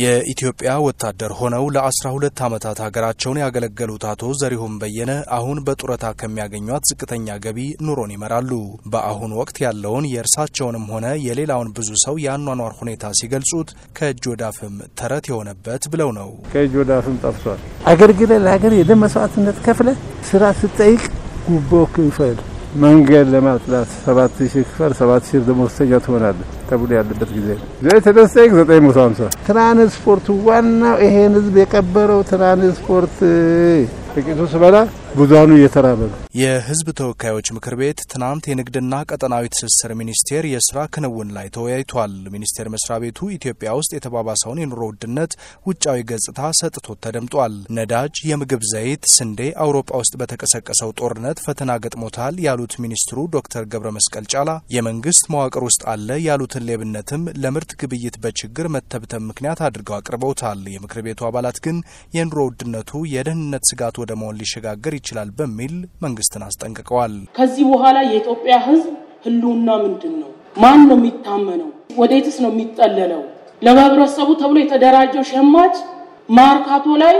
የኢትዮጵያ ወታደር ሆነው ለ12 ዓመታት ሀገራቸውን ያገለገሉት አቶ ዘሪሁን በየነ አሁን በጡረታ ከሚያገኟት ዝቅተኛ ገቢ ኑሮን ይመራሉ። በአሁን ወቅት ያለውን የእርሳቸውንም ሆነ የሌላውን ብዙ ሰው የአኗኗር ሁኔታ ሲገልጹት ከእጅ ወዳፍም ተረት የሆነበት ብለው ነው። ከእጅ ወዳፍም ጠፍሷል። አገልግለ ለሀገር የደም መስዋዕትነት ከፍለ ስራ ስጠይቅ ጉቦ ክፈል መንገድ ለማጥላት ሰባት ሺህ ክፈል ሰባት ሺህ ደሞዝተኛ ትሆናለህ ተብሎ ያለበት ጊዜ ነው። የተነሳ ዘጠኝ መቶ ሀምሳ ዋናው ይሄን ህዝብ የቀበረው ትራንስፖርት ጥቂቱ ስበላ ብዙኑ እየተራበ ነው። የህዝብ ተወካዮች ምክር ቤት ትናንት የንግድና ቀጠናዊ ትስስር ሚኒስቴር የስራ ክንውን ላይ ተወያይቷል። ሚኒስቴር መስሪያ ቤቱ ኢትዮጵያ ውስጥ የተባባሰውን የኑሮ ውድነት ውጫዊ ገጽታ ሰጥቶት ተደምጧል። ነዳጅ፣ የምግብ ዘይት፣ ስንዴ አውሮፓ ውስጥ በተቀሰቀሰው ጦርነት ፈተና ገጥሞታል ያሉት ሚኒስትሩ ዶክተር ገብረ መስቀል ጫላ የመንግስት መዋቅር ውስጥ አለ ያሉትን ሌብነትም ለምርት ግብይት በችግር መተብተብ ምክንያት አድርገው አቅርበውታል። የምክር ቤቱ አባላት ግን የኑሮ ውድነቱ የደህንነት ስጋት ወደ መሆን ሊሸጋገር ይችላል በሚል መንግስትን አስጠንቅቀዋል። ከዚህ በኋላ የኢትዮጵያ ህዝብ ህልውና ምንድን ነው? ማን ነው የሚታመነው? ወዴትስ ነው የሚጠለለው? ለማህበረሰቡ ተብሎ የተደራጀው ሸማች ማርካቶ ላይ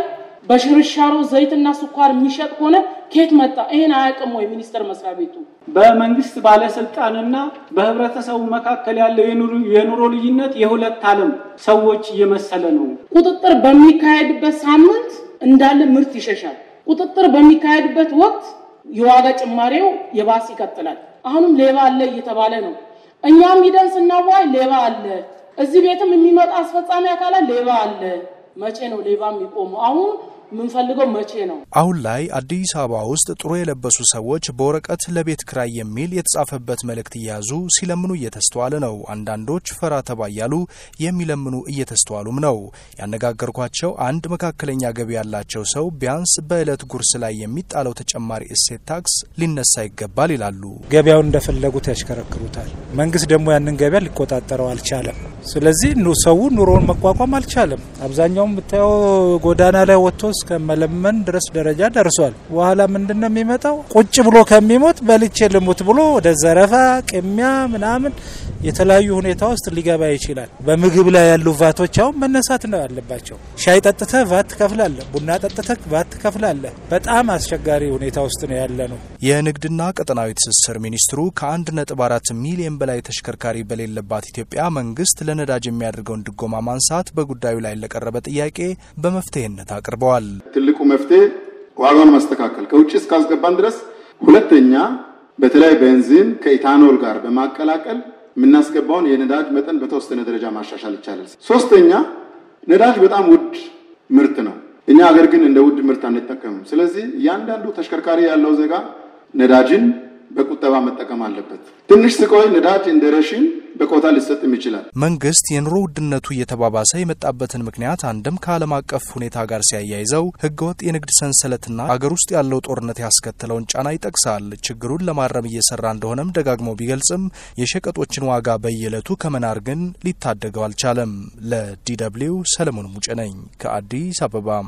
በሽርሻሮ ዘይትና ስኳር የሚሸጥ ከሆነ ኬት መጣ? ይህን አያውቅም ወይ ሚኒስቴር መስሪያ ቤቱ? በመንግስት ባለስልጣንና በህብረተሰቡ መካከል ያለው የኑሮ ልዩነት የሁለት ዓለም ሰዎች እየመሰለ ነው። ቁጥጥር በሚካሄድበት ሳምንት እንዳለ ምርት ይሸሻል። ቁጥጥር በሚካሄድበት ወቅት የዋጋ ጭማሬው የባስ ይቀጥላል። አሁንም ሌባ አለ እየተባለ ነው። እኛም ሂደን ስናዋይ ሌባ አለ፣ እዚህ ቤትም የሚመጣ አስፈጻሚ አካላት ሌባ አለ። መቼ ነው ሌባ የሚቆመው? አሁን የምንፈልገው መቼ ነው? አሁን ላይ አዲስ አበባ ውስጥ ጥሩ የለበሱ ሰዎች በወረቀት ለቤት ክራይ የሚል የተጻፈበት መልእክት እያያዙ ሲለምኑ እየተስተዋለ ነው። አንዳንዶች ፈራ ተባ እያሉ የሚለምኑ እየተስተዋሉም ነው። ያነጋገርኳቸው አንድ መካከለኛ ገቢ ያላቸው ሰው ቢያንስ በዕለት ጉርስ ላይ የሚጣለው ተጨማሪ እሴት ታክስ ሊነሳ ይገባል ይላሉ። ገበያውን እንደፈለጉት ያሽከረክሩታል። መንግስት ደግሞ ያንን ገበያ ሊቆጣጠረው አልቻለም። ስለዚህ ሰው ኑሮውን መቋቋም አልቻለም። አብዛኛው የምታየው ጎዳና ላይ ወጥቶ እስከ መለመን ድረስ ደረጃ ደርሷል። በኋላ ምንድን ነው የሚመጣው? ቁጭ ብሎ ከሚሞት በልቼ ልሙት ብሎ ወደ ዘረፋ፣ ቅሚያ ምናምን የተለያዩ ሁኔታ ውስጥ ሊገባ ይችላል። በምግብ ላይ ያሉ ቫቶች አሁን መነሳት ነው ያለባቸው። ሻይ ጠጥተ ቫት ትከፍላለህ፣ ቡና ጠጥተ ቫት ትከፍላለህ። በጣም አስቸጋሪ ሁኔታ ውስጥ ነው ያለ ነው። የንግድና ቀጠናዊ ትስስር ሚኒስትሩ ከ1.4 ሚሊዮን በላይ ተሽከርካሪ በሌለባት ኢትዮጵያ መንግስት ለነዳጅ የሚያደርገውን ድጎማ ማንሳት በጉዳዩ ላይ ለቀረበ ጥያቄ በመፍትሄነት አቅርበዋል። ትልቁ መፍትሄ ዋጋውን ማስተካከል ከውጭ እስካስገባን ድረስ ሁለተኛ በተለይ ቤንዚን ከኢታኖል ጋር በማቀላቀል የምናስገባውን የነዳጅ መጠን በተወሰነ ደረጃ ማሻሻል ይቻላል። ሶስተኛ ነዳጅ በጣም ውድ ምርት ነው። እኛ ሀገር ግን እንደ ውድ ምርት አንጠቀምም። ስለዚህ እያንዳንዱ ተሽከርካሪ ያለው ዜጋ ነዳጅን በቁጠባ መጠቀም አለበት። ትንሽ ስቆይ ነዳጅ እንደ ሬሽን በኮታ ሊሰጥም ይችላል። መንግስት የኑሮ ውድነቱ እየተባባሰ የመጣበትን ምክንያት አንድም ከዓለም አቀፍ ሁኔታ ጋር ሲያያይዘው ህገወጥ የንግድ ሰንሰለትና አገር ውስጥ ያለው ጦርነት ያስከተለውን ጫና ይጠቅሳል። ችግሩን ለማረም እየሰራ እንደሆነም ደጋግሞ ቢገልጽም የሸቀጦችን ዋጋ በየዕለቱ ከመናር ግን ሊታደገው አልቻለም። ለዲ ደብልዩ ሰለሞን ሙጬ ነኝ ከአዲስ አበባ።